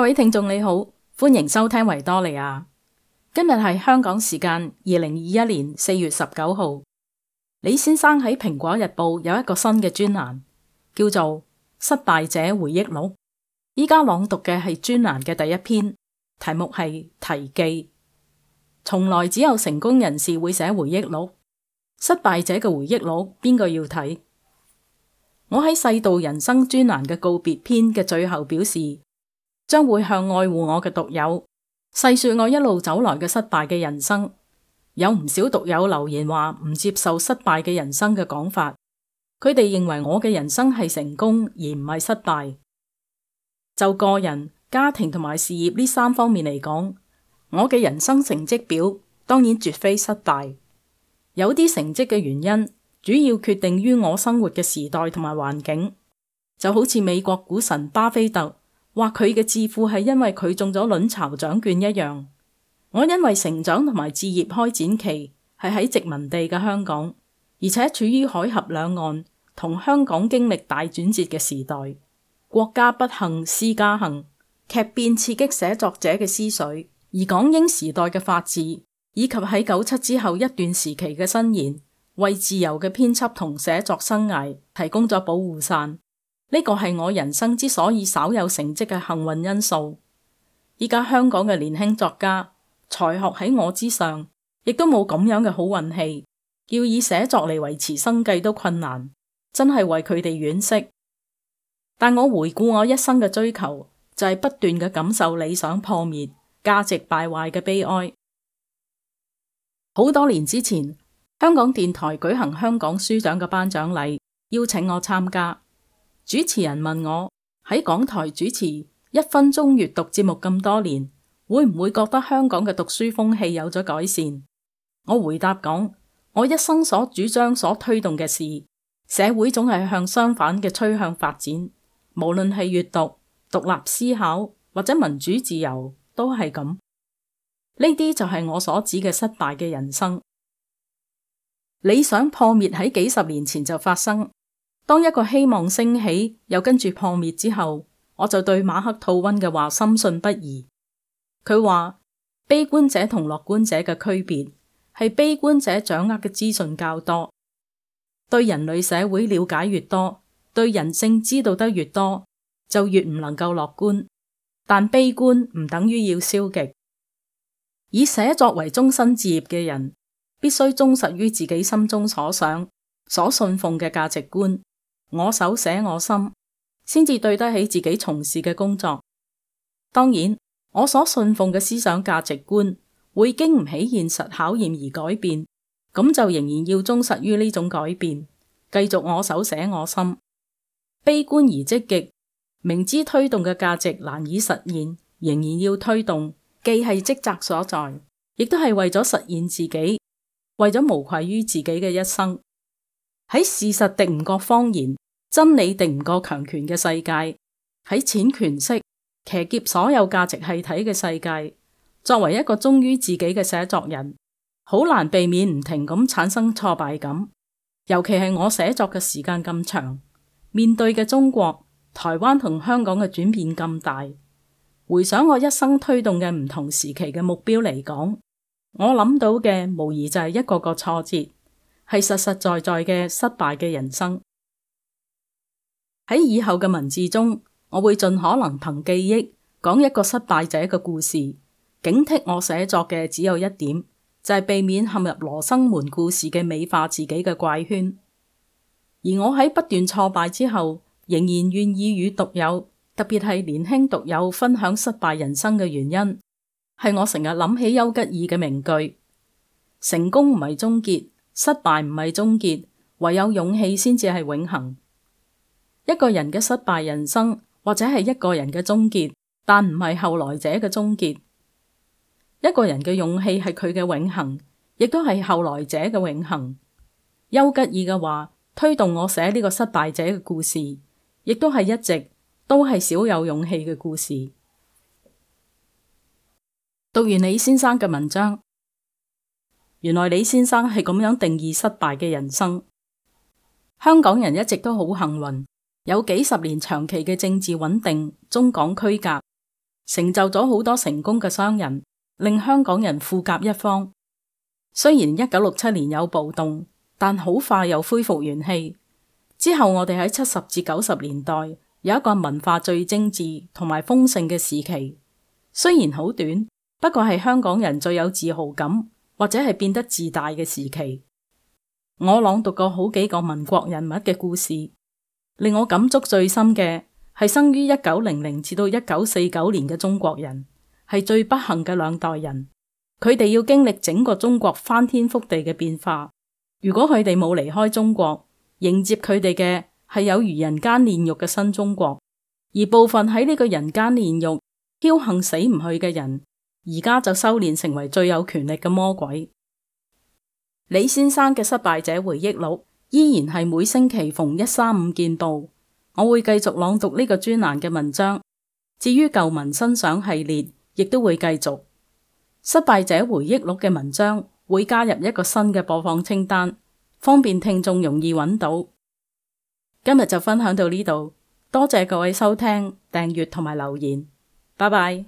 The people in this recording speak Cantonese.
各位聽眾你好，歡迎收聽維多利亞。今日係香港時間二零二一年四月十九號。李先生喺《蘋果日報》有一個新嘅專欄，叫做《失敗者回憶錄》。依家朗讀嘅係專欄嘅第一篇，題目係題記。從來只有成功人士會寫回憶錄，失敗者嘅回憶錄邊個要睇？我喺《世道人生》專欄嘅告別篇嘅最後表示。將會向愛護我嘅讀友細說我一路走來嘅失敗嘅人生。有唔少讀友留言話唔接受失敗嘅人生嘅講法，佢哋認為我嘅人生係成功而唔係失敗。就個人、家庭同埋事業呢三方面嚟講，我嘅人生成績表當然絕非失敗。有啲成績嘅原因，主要決定於我生活嘅時代同埋環境，就好似美國股神巴菲特，話佢嘅致富係因為佢中咗卵巢獎券一樣，我因為成長同埋志業開展期係喺殖民地嘅香港，而且處於海峽兩岸同香港經歷大轉折嘅時代，國家不幸詩家幸，劇變刺激寫作者嘅思緒，而港英時代嘅法治以及喺九七之後一段時期嘅延伸，為自由嘅編輯同寫作生涯提供咗保護傘。呢個係我人生之所以稍有成績嘅幸運因素。而家香港嘅年輕作家才學喺我之上，亦都冇咁樣嘅好運氣，要以寫作嚟維持生計都困難，真係為佢哋惋惜。但我回顧我一生嘅追求，就係、是、不斷嘅感受理想破滅、價值敗壞嘅悲哀。好多年之前，香港電台舉行香港書獎嘅頒獎禮，邀請我參加。主持人問我喺港台主持一分鐘閱讀節目咁多年，會唔會覺得香港嘅讀書風氣有咗改善？我回答講：我一生所主張、所推動嘅事，社會總係向相反嘅趨向發展。無論係閱讀、獨立思考或者民主自由，都係咁。呢啲就係我所指嘅失敗嘅人生。理想破滅喺幾十年前就發生。當一個希望升起，又跟住破滅之後，我就對馬克吐溫嘅話深信不疑。佢話，悲觀者同樂觀者嘅區別係悲觀者掌握嘅資訊較多，對人類社會了解越多，對人性知道得越多，就越唔能夠樂觀。但悲觀唔等於要消極。以寫作為終身事業嘅人，必須忠實於自己心中所想、所信奉嘅價值觀。我手寫我心，先至對得起自己從事嘅工作。當然，我所信奉嘅思想價值觀會經唔起現實考驗而改變，咁就仍然要忠實於呢種改變，繼續我手寫我心。悲觀而積極，明知推動嘅價值難以實現，仍然要推動，既係職責所在，亦都係為咗實現自己，為咗無愧於自己嘅一生。喺事實敵唔過謊言，真理敵唔過強權嘅世界，喺錢權式騎劫所有價值系體嘅世界。作為一個忠於自己嘅寫作人，好難避免唔停咁產生挫敗感。尤其係我寫作嘅時間咁長，面對嘅中國、台灣同香港嘅轉變咁大，回想我一生推動嘅唔同時期嘅目標嚟講，我諗到嘅無疑就係一個個挫折。係實實在在嘅失敗嘅人生。喺以後嘅文字中，我會盡可能憑記憶講一個失敗者嘅故事。警惕我寫作嘅只有一點，就係、是、避免陷入羅生門故事嘅美化自己嘅怪圈。而我喺不斷挫敗之後，仍然願意與讀友，特別係年輕讀友分享失敗人生嘅原因，係我成日諗起丘吉爾嘅名句，成功唔係終結。失敗唔係終結，唯有勇氣先至係永恒。一個人嘅失敗人生，或者係一個人嘅終結，但唔係後來者嘅終結。一個人嘅勇氣係佢嘅永恒，亦都係後來者嘅永恒。丘吉爾嘅話，推動我寫呢個失敗者嘅故事，亦都係一直都係少有勇氣嘅故事。讀完李先生嘅文章。原來李先生係咁樣定義失敗嘅人生。香港人一直都好幸運，有幾十年長期嘅政治穩定、中港區隔，成就咗好多成功嘅商人，令香港人富甲一方。雖然一九六七年有暴動，但好快又恢復元氣。之後我哋喺七十至九十年代有一個文化最精緻同埋豐盛嘅時期，雖然好短，不過係香港人最有自豪感。或者係變得自大嘅時期，我朗讀過好幾個民國人物嘅故事，令我感觸最深嘅係生於一九零零至到一九四九年嘅中國人，係最不幸嘅兩代人。佢哋要經歷整個中國翻天覆地嘅變化。如果佢哋冇離開中國，迎接佢哋嘅係有如人間煉獄嘅新中國，而部分喺呢個人間煉獄僥幸死唔去嘅人。而家就修煉成為最有權力嘅魔鬼。李先生嘅失敗者回憶錄，錄依然係每星期逢一三五見報。我會繼續朗讀呢個專欄嘅文章。至於舊文新賞系列，亦都會繼續。失敗者回憶錄嘅文章會加入一個新嘅播放清單，方便聽眾容易搵到。今日就分享到呢度，多謝各位收聽、訂閱同埋留言。拜拜。